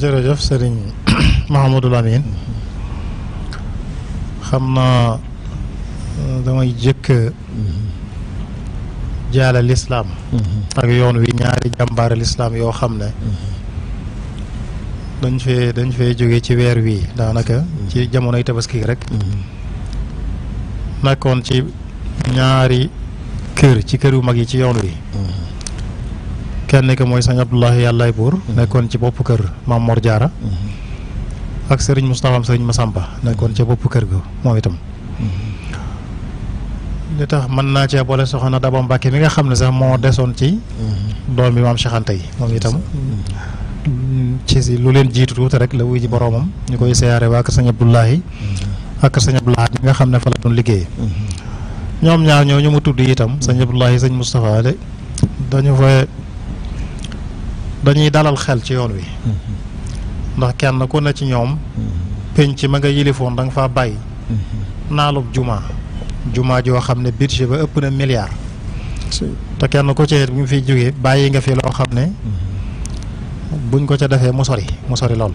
jërëjëf sëriñ Mahamadou Lamine xam naa euh, damay jëkk jaala lislaam ak yoon wi ñaari jàmbaare lislaam yoo xam ne dañ fee dañ fee jóge ci weer wii daanaka ci jamonoy tabaski rek nekkoon ci ñaari kër ci kër yu mag yi ci yoon wi kenn ki mooy sëñ Abdoulahi yàllaay buur mhm. nekkoon ci bopp kër maam Mor Jaara mhm. ak sëriñ Moustapha sëriñ Masamba nekkoon ci bopp kër ga moom itam mhm. li tax mën naa cee boole soxna Daba Mbàkke bi nga xam ne sax moo desoon ci doom bi maam Cheikh Anta yi moom itam ci si lu leen ñu koy siyaare waa kër sëñ Abdoulahi ak kër nga xam ne fa la doon liggéeye ñoo ñu mu tudd itam dañu fa dañuy dalal xel ci yoon wi mm-hmm. ndax kenn ku ne ci ñoom mm-hmm. penc ma nga yilifoon danga fa faa bàyyi mm-hmm. naalub jumaa juma joo xam ne budget ba ëpp na milliard te kenn ku ci ne bi nga fiy jógee bàyyi nga fi loo xam ne buñ ko ca defee mu sori mu sori lool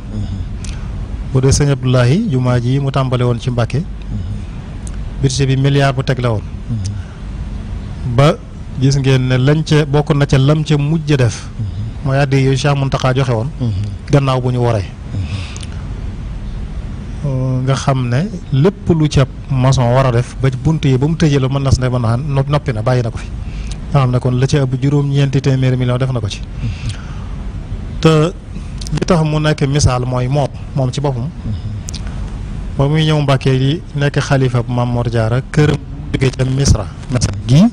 bu dee sëñ Abdoulahi juma ji mu tàmbale woon ci Mbàkke budget bi milliard bu teg la woon ba gis ngeen ne lañ ca bokk na ca lam ca mujj a def mooy àddi yooyu Cheikh Mountakha joxe woon. Mhm. gannaaw bu ñu waree. Mhm. nga xam ne lépp lu ca mason war a def ba bunt yi ba mu tëjee la man na si ne mën na noppi na bàyyi na ko fi. nga xam ne kon la ca ëpp juróom-ñeenti téeméeri million def na ko ci. Mhm. te li tax mu nekk misaal mooy moom moom ci boppam. ba muy ñëw Mbàkke yi nekk xalifa bu Maam Mor Jaara këram jóge ca Misra. Misra gii.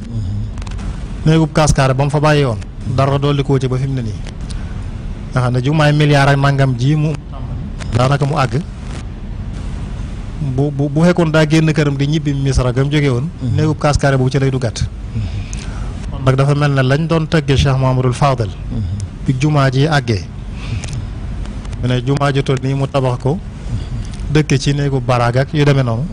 néegub Kaskaare ba mu fa bàyyi woon. dara dolli koo ci ba fi ne nii nga xam ne jumaay milliard ak nangam ji mu daanaka mu àgg bu bu bu fekkoon daa génn këram di ñibbi misra gam jóge woon mhm. néegub kaskare boobu ci lay duggaat mhm. kon nag dafa mel ne lañ doon tëggee Cheikh Mahamadul Fadal mhm. bi jumaa ji àggee mu ne jumaa ji toll nii mu tabax ko dëkk ci néegu baraag ak yu demee noonu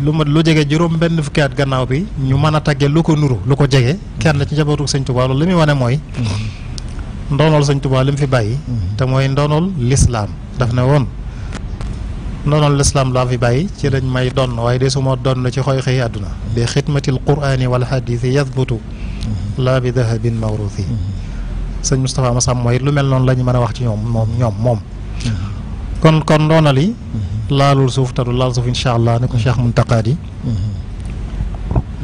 lu mat lu jege juróom benn fukki at gannaaw bi ñu mën a tagge lu ko nuru lu ko jege kenn ci njabootu sëñ Tuubaa loolu li muy wane mooy ndoonool sëñ Tuubaa li mu fi bàyyi te mooy ndoonool lislaam daf ne woon ndoonool lislaam laa fi bàyyi ci dañ may donn waaye de suma donn ci xooy xëy àdduna bi xidmatil quraani wal hadiisi yathbutu laa bi dahabin mawruthi sëñ Moustapha Massam mooy lu mel noonu la ñu mën a wax ci ñoom moom ñoom moom kon kon ndoonal yi laalul suuf taru du laal suuf incha allah ne mm-hmm. mm-hmm. ko Cheikh Mountakha di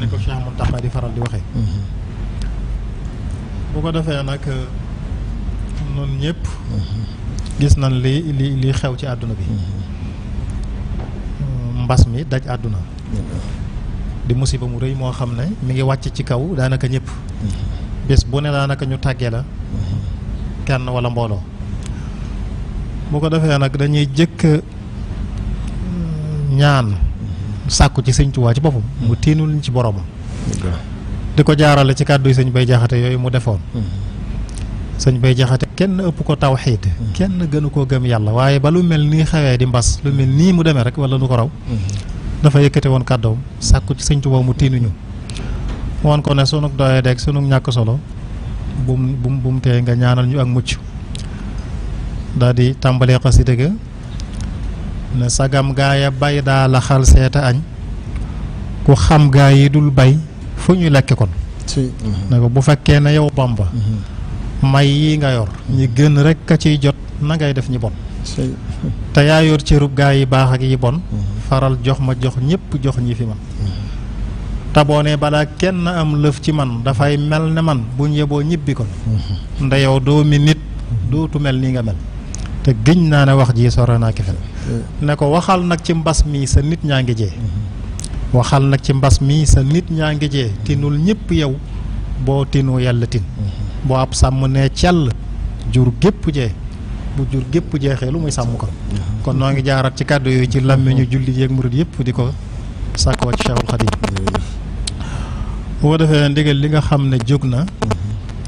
ne ko Cheikh Mountakha faral di waxee. Mm-hmm. bu ko defee nag noonu ñëpp. gis nañ li li xew ci àdduna bi mbas mi daj àdduna di musiba mu rëy moo xam ne mi ngi wàcc ci kaw daanaka ñëpp bés bu ne daanaka ñu tàggee la kenn wala mbooloo bu ko defee nag dañuy jëkk ñaan sàkku ci sëñ Tuubaa ci boppam mu tiinul ñu ci boroomam di ko jaarale ci kàddu yi sëñ Bay Jaxate yooyu mu defoon sëñ Bay Jaxate kenn ëpp ko taw tawxiid kenn gënu koo gëm yàlla waaye ba lu mel nii xawee di mbas lu mel nii mu demee rek wala nu ko raw dafa yëkkate woon kàddoom sàkku ci sëñ Tuubaa mu tiinuñu woon ko ne sunu doyee deeg ñàkk solo bum bum bum tee nga ñaanal ñu ak mucc daal di tàmbalee xasida ga ne sagam gaaya bay daa la xal seeta añ ku xam gaa yi dul bay fu ñu lekk kon mhm. ne bu fekkee ne yow Bamba mhm. may yi nga yor ñi gën rek a ciy jot na ngay def ñi bon te yaa yor cërub gaa yi baax ak yi bon mhm. faral jox ma jox ñépp jox ñi fi man taboone balaa kenn am lëf ci man dafay mel ne man bu yeboo ñibbi kon nda yow doomi nit dootu mel nii nga mel te gëñ naa ne wax ji sore naa kefel ne ko waxal nag ci mbas mi sa nit ñaa ngi jee waxal nag ci mbas mi sa nit ñaa ngi jee tinul ñëpp yow boo tinu yàlla tin boo ab sàmm ne cell jur gépp jee bu jur gépp jeexee lu muy sàmm ko kon noo ngi jaaral ci kàddu yooyu ci làmmiñu julli yeeg murit yëpp di ko sàkkoo ci Cheikhul Khadim boo defee ndigal li nga xam ne jóg na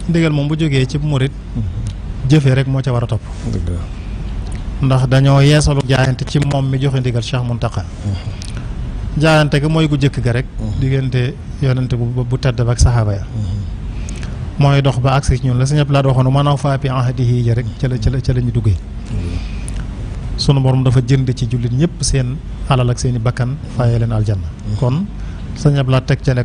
ndigal moom bu jógee ci murit jëfe rek moo ca war a topp ndax dañoo yeesalu jaayante ci moom mi joxe ndigal Cheikh Mountakha jaayante ga mooy gu jëkk ga rek mm-hmm. diggante yonente bu bu tedd ba ak saxaaba ya mm-hmm. mooy dox ba agsi ñun la si ñëpp laa waxoon man awfaa bi ahdihi ja rek ca la ca la ca la ñu duggee mm-hmm. sunu dafa jënd ci jullit ñëpp seen alal ak bakkan fayee leen aljanna kon sa ñëpp laa teg ca ne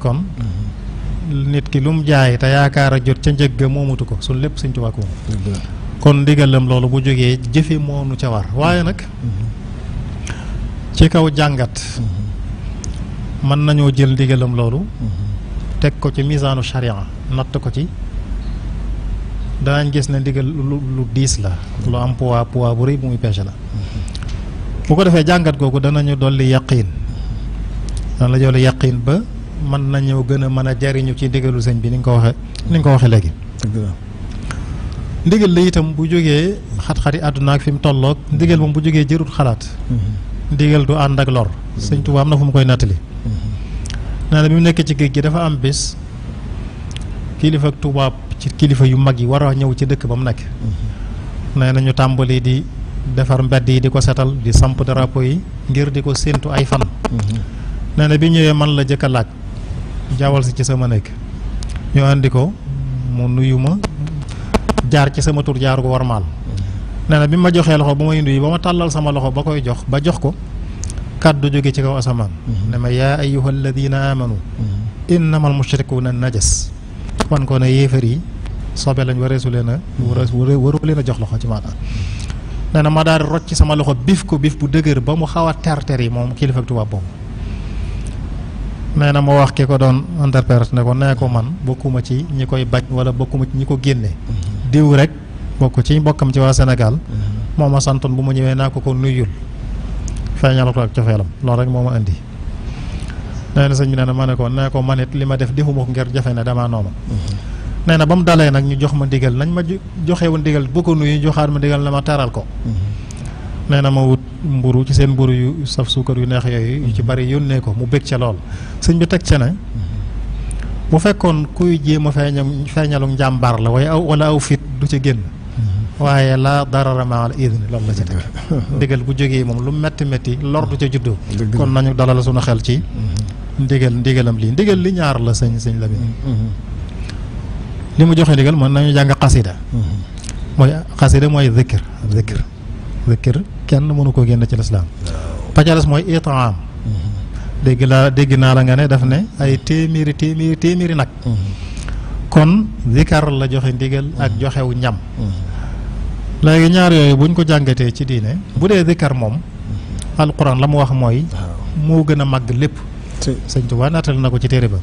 nit ki lu mu jaay te yaakaar a jot ca njëg ga moomutu ko sunu lépp Sëñ Tuubaa ko moom kon ndigalam loolu bu jógee jëfe moonu ca war waaye nag ci kaw jàngat mën nañoo jël ndigalam loolu teg ko ci misaanu sharia natt ko ci danañ gis ne ndigal lu diis la lu am poids poids bu rëy bu muy peese la bu ko defee jàngat googu danañu dolli yaqiin dana la jolli yaqiin ba mën nañoo gën a mën a jariñu ci ndigalu sëñ bi ni nga ko waxe ni nga ko waxe léegi ndigal la itam bu jógee xat-xati àdduna ak fi mu tolloog ndigal moom bu jógee jërut xalaat mm-hmm. ndigal du ànd ak lor mm-hmm. sëñ Tuubaa na fu mu koy nattali naa mm-hmm. ne bi mu nekk ci géej gi dafa am bés kilifa tubaab ci kilifa yu mag yi war a ñëw ci dëkk ba mu nekk nee nañu tàmbali di defar mbedd yi di ko setal di samp drapeau yi ngir di ko séentu ay fan nee bi ñëwee man la jëkk a laaj jaawal si ci sama nekk ñu andi ko mu nuyu ma jaar ci sama tur jaar ko warmaal nee na bi ma joxee loxo ba ma indi yi ba ma tàllal sama loxo ba koy jox ba jox ko kàddu jóge ci kaw asamaan ne ma yaa ayyuha alladina amanu innamal mushrikuuna najas wan ko ne yéefar yi sobe lañ wareesu leen a waru leen a jox loxo ci maanaam nee ma daal rocc ci sama loxo bif ko bif bu dëgër ba mu xaw a terter yi moom kilifa ak tubaab boobu nee wax ki ko doon interprète ne ko nee ko man bokkuma ci ñi koy bañ wala bokkuma ci ñi ko génne diw rek bokk ci mbokkam ci waa Sénégal mm-hmm. moo ma santoon bu ma ñëwee naa ko ko nuyul feeñal ko ak cofeelam loolu rek moo ma indi nee na sëñ bi nee na ma ne ko nee ko man li ma def defuma ko ngir jafe ne damaa noonu mm-hmm. nee na ba mu dalee nag ñu jox ma ndigal nañ ma joxe woon ndigal bu ko nuyu joxaat ma ndigal na ma teral ko mm-hmm. nee na ma wut mburu ci seen mburu yu saf suukar yu neex yooyu yu ci bari yónnee ko mu bég ca lool sëñ bi teg ca ne bu fekkoon kuy jéem a feeñalu njàmbaar la waaye aw wala fit du ca génn mm-hmm. waaye laa darara maa al idni la ca teg ndigal bu jógee moom lu metti metti lor du ca mm-hmm. juddoo kon nañu dalal suñu xel ci mm-hmm. ndigal ndigalam lii ndigal li ñaar la sëñ sëñ la bi li mu joxee ndigal mooy nañu jàng xasida mooy xasida mooy zikir zikir kenn mënu ko génn ci lislaam pacales mooy itaam dégg laa dégg naa la nga ne daf ne ay téeméeri téeméeri téeméeri nag mm-hmm. kon zikar la joxe ndigal ak mm-hmm. joxewu ñam mm-hmm. léegi ñaar yooyu buñ ko jàngatee ci diine bu dee zikar moom alquran la mu wax mooy moo gën a màgg lépp sëñ Tuubaa naatal na ko ci téere ba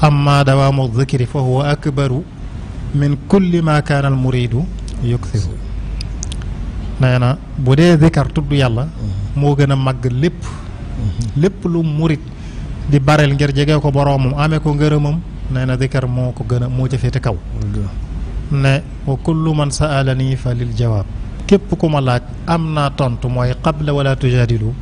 amma dawaamu zikri fa huwa akbaru min kulli ma kaana al muridu yuksiru nee na bu dee zikar tudd yàlla moo gën a màgg lépp lépp lu murit di bareel ngir jege ko boroomam amee ko ngërëmam nee na dikkar moo ko gën moo jëfete kaw ne wa kullu man saalanii fa lil jawaab képp ku ma laaj am naa tontu mooy qabla wala tujaadilu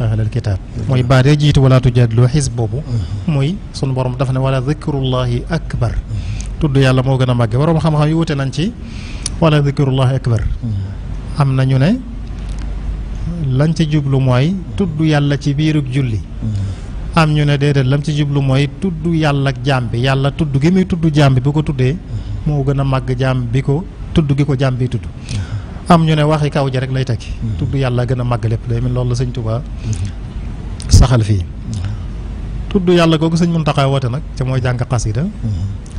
ahlal kitaab mooy baadee jiitu wala tujaadilu xis boobu muy sunu borom dafa ne wala dikrullahi akbar tudd yàlla moo gën a màgge borom xam-xam yi wute nañ ci wala dikrullahi akbar am na ñu ne lañ ci jublu mooy tudd yàlla ci biirug julli mm-hmm. am ñu ne déedéet lam ci jublu mooy tudd yàlla ak jaam bi yàlla tudd gi muy tudd jaam bi bu ko tuddee mm-hmm. moo gën a màgg jaam bi ko tudd gi ko jaam bi tudd mm-hmm. am ñu ne waxi kaw ja rek lay tekki tudd yàlla gën a màgg lépp lay min loolu la sëñ saxal fii tudd yàlla googu sëñ Muntaxa woote nag ca mooy jàng xasida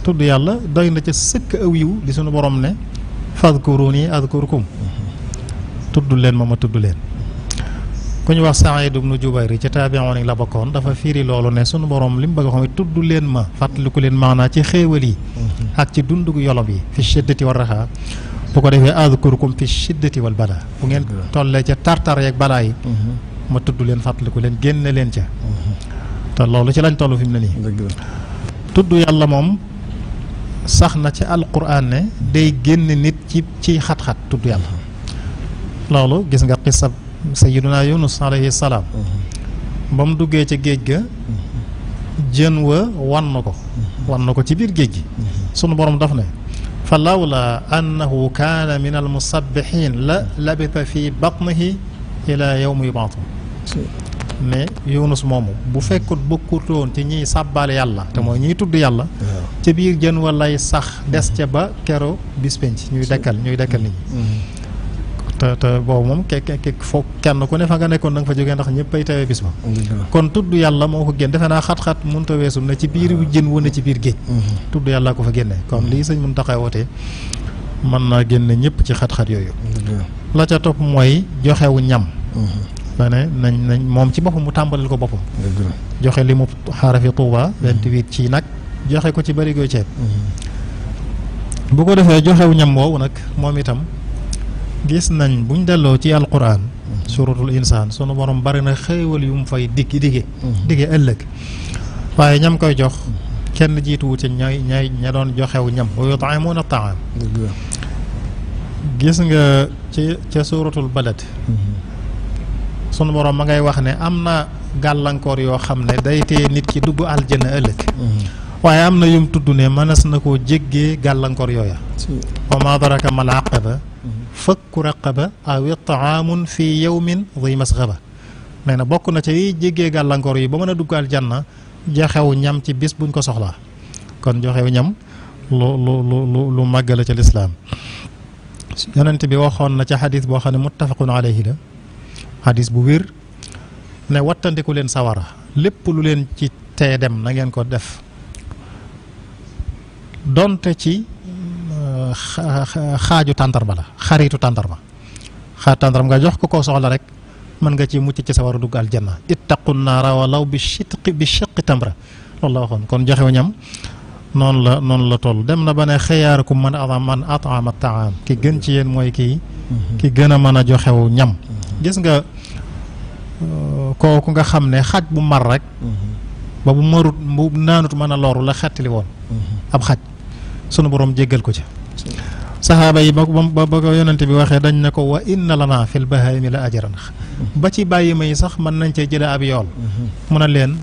tudd yàlla doy na ca sëkk aw yiw li suñu borom ne fadkuruni adkurkum tudd leen ma ma tudd leen ku ñu wax Saïd ibnu Jubayr ci taabi'oon yi la bokkoon dafa fiiri loolu ne sunu borom li mu bëgg a xam tudd leen ma fàttaliku leen maanaa ci xéewal yi mhm. ak ci dundug yolob yi fi shiddati war raxaa bu ko defee azkurukum fi shiddati wal balaa bu ngeen mhm. tollee ca tartar yeeg balaa yi mhm. ma tudd leen fàttaliku leen génne leen ca te loolu ci lañ toll fi mu ne nii tudd yàlla moom sax na ci alquran ne day génn nit ci ci xat-xat tudd yàlla loolu sayiduna yunus alayhi salaam mhm. ba mu duggee ca géej ga mhm. jën wa wan na ko mhm. wan na ko ci biir géej gi sunu borom daf ne fa lawla annahu kaana min al musabbihin la labita fi batnihi yow yawmi yubaatu ne yunus moomu bu fekkut bokkutoon ci ñiy sàbbaal yàlla te mooy ñiy tudd yàlla ci biir jën wa lay sax des ca ba kero bis penc ñuy dekkal ñuy dekkal nit ñi te te boobu moom ke ke foog kenn ku ne fa nga nekkoon da nga fa jógee ndax ñëpp ay tawee bis ba kon tudd yàlla moo ko génn defe naa xat-xat mënut a weesu na ci biir jën wane ci biir géej mhm. tudd yàlla ko fa génnee kon mhm. lii sëñ mun taxaw wootee mën naa génne ñëpp ci xat-xat yooyu la ca topp mooy joxewu ñam da mhm. ne nañ nañ moom ci boppam mu tàmbalil ko boppam joxe li mu xaarafi tuuba vingt-huit ci nag joxe ko ci bari go ceeb bu ko defee joxewu ñam woowu nag moom itam gis nañ buñ delloo ci alquran suratul insaan sunu borom bari na xéewal yu mu fay digg digge digge ëllëg waaye ñam koy jox kenn jiituwu ci ñay ñay ña doon joxew ñam wa yut'imuuna ta'aam gis nga ci ca suratul balad sunu borom ma ngay wax ne am na gàllankoor yoo xam ne day tee nit ki dugg aljana ëllëg mm-hmm. waaye am na yum tudd ne mënees na koo jéggee gàllankoor yooya wa ma daraka mal aqaba fakku raqaba aw itaamun fi yawmin zi ba mais na bokk na ca yiy jéggee gàllankoor yi ba mën a dugg aljanna joxewu ñam ci bis buñ ko soxlaa kon joxewu ñam lu lu lu lu màgg la ca lislaam yonent bi waxoon na ca xadis boo xam ne muttafaqun alayhi la xadis bu wér ne wattandiku leen sawara lépp lu leen ci tee dem nangeen ngeen ko def donte ci xaaju tàndarma la xaritu tàndarma xaar tàndarma nga jox ko koo soxla rek mën nga ci mucc ci sa waru dugg aljanna ittaqu naara walaw bi shiqqi bi shiqqi tamra loolu la waxoon kon joxew ñam noonu la noonu la toll dem na ba ne xiyaarukum man a man ataama taam ki gën ci yéen mooy kii mm-hmm. ki gën a mën a joxew ñam mm-hmm. gis nga euh, kooku nga xam ne xaj bu mar rek mm-hmm. ba bu marut bu naanut mën a loru la xettali woon ab xaj sunu borom jéggal ko ci saxaaba yi ba ba ba ko yonante bi waxee dañ ne ko wa inna ba fil mi la ajran ba ci bàyyi ma yi sax mën nañ cee jële ab yool mun a leen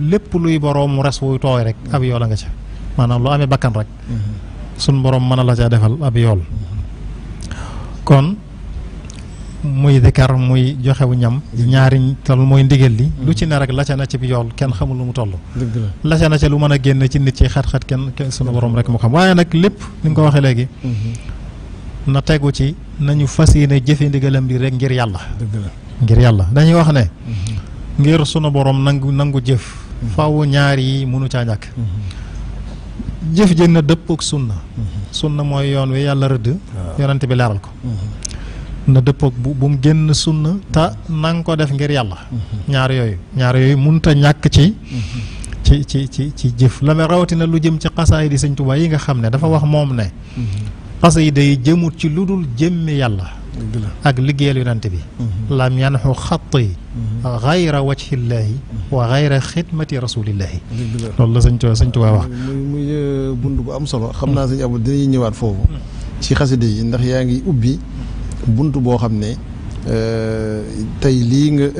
lépp luy boroomu res wuy tooy rek ab yool a nga ca maanaam lu amee bakkan rek mhm. sun boroom mën a la ca defal ab yool kon muy dikar muy joxewu ñam ñaari tal mooy ndigal li lu ci ne rek la na ci bi yool kenn xamul lu mu toll la ca na ca lu mën a génn ci nit ci xat-xat kenn sunu borom rek mu xam waaye nag lépp ni nga ko waxee léegi mm-hmm. na tegu ci nañu fas yéene jëfe ndigalam li rek ngir yàlla ngir yàlla dañuy wax ne mm-hmm. ngir sunu boroom nangu nangu jëf mm-hmm. faw ñaar yi mënu caa ñàkk jëf jën na dëpp ak sunna sunna mooy yoon wi yàlla rëdd yonent bi leeral ko na dëppoog bu bu mu génn sunna te na nga ko def ngir yàlla mm-hmm. ñaar yooyu ñaar yooyu munta ñàkk ci mm-hmm. ci ci ci ci jëf la rawatina lu jëm ci xasaay di sëñ Tuubaa yi nga xam ne dafa wax moom ne mm-hmm. xasa yi day jëmut ci lu dul jëmmi yàlla ak liggéeyal yonante bi lam yanxu xatti xayra wajhillaahi wa xayra xidmati rasulillaahi loolu la sëñ Tuubaa sëñ Tuubaa wax muy euh, bund bu am solo xam naa sëñ Abdou dinañu ñëwaat foofu ci xasida yi ndax yaa ngi ubbi bunt boo xam ne euh, tey lii nga.